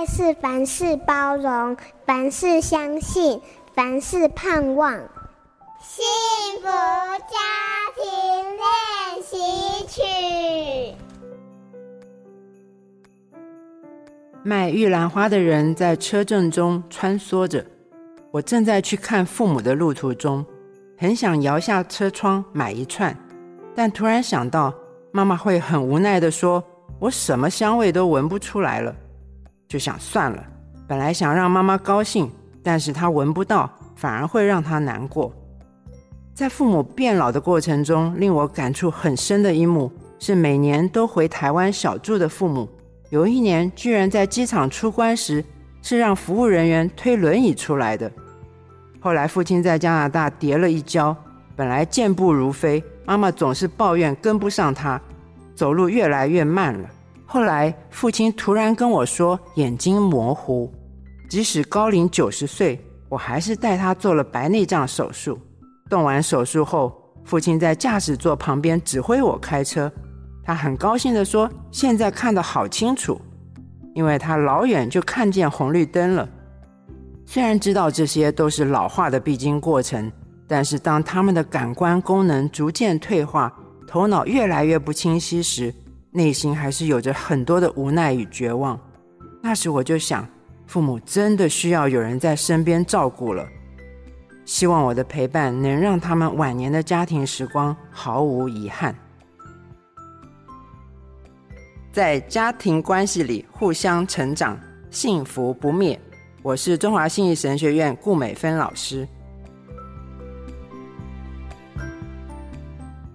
愛是凡事包容，凡事相信，凡事盼望。幸福家庭練習曲。賣玉蘭花的人在車陣中穿梭着，我正在去看父母的路途中，很想搖下車窗買一串，但突然想到，媽媽會很無奈地說：“我什麼香味都聞不出來了。”就想算了，本來想讓媽媽高興，但是她聞不到，反而會讓她難過。在父母變老的過程中，令我感觸很深的一幕是，每年都回台灣小住的父母，有一年居然在機場出關時是讓服務人員推輪椅出來的。後來父親在加拿大跌了一跤，本來健步如飛，媽媽總是抱怨跟不上他，走路越來越慢了。後來，父親突然跟我說眼睛模糊，即使高齡九十歲，我還是帶他做了白內障手術。動完手術後，父親在駕駛座旁邊指揮我開車，他很高興地說：“現在看得好清楚，因為他老遠就看見紅綠燈了。”雖然知道這些都是老化的必經過程，但是當他們的感官功能逐漸退化，頭腦越來越不清晰時，內心還是有着很多的無奈與絕望。那時我就想，父母真的需要有人在身邊照顧了。希望我的陪伴能讓他們晚年的家庭時光毫無遺憾。在家庭關係裡互相成長，幸福不滅。我是中華信義神學院顧美芬老師。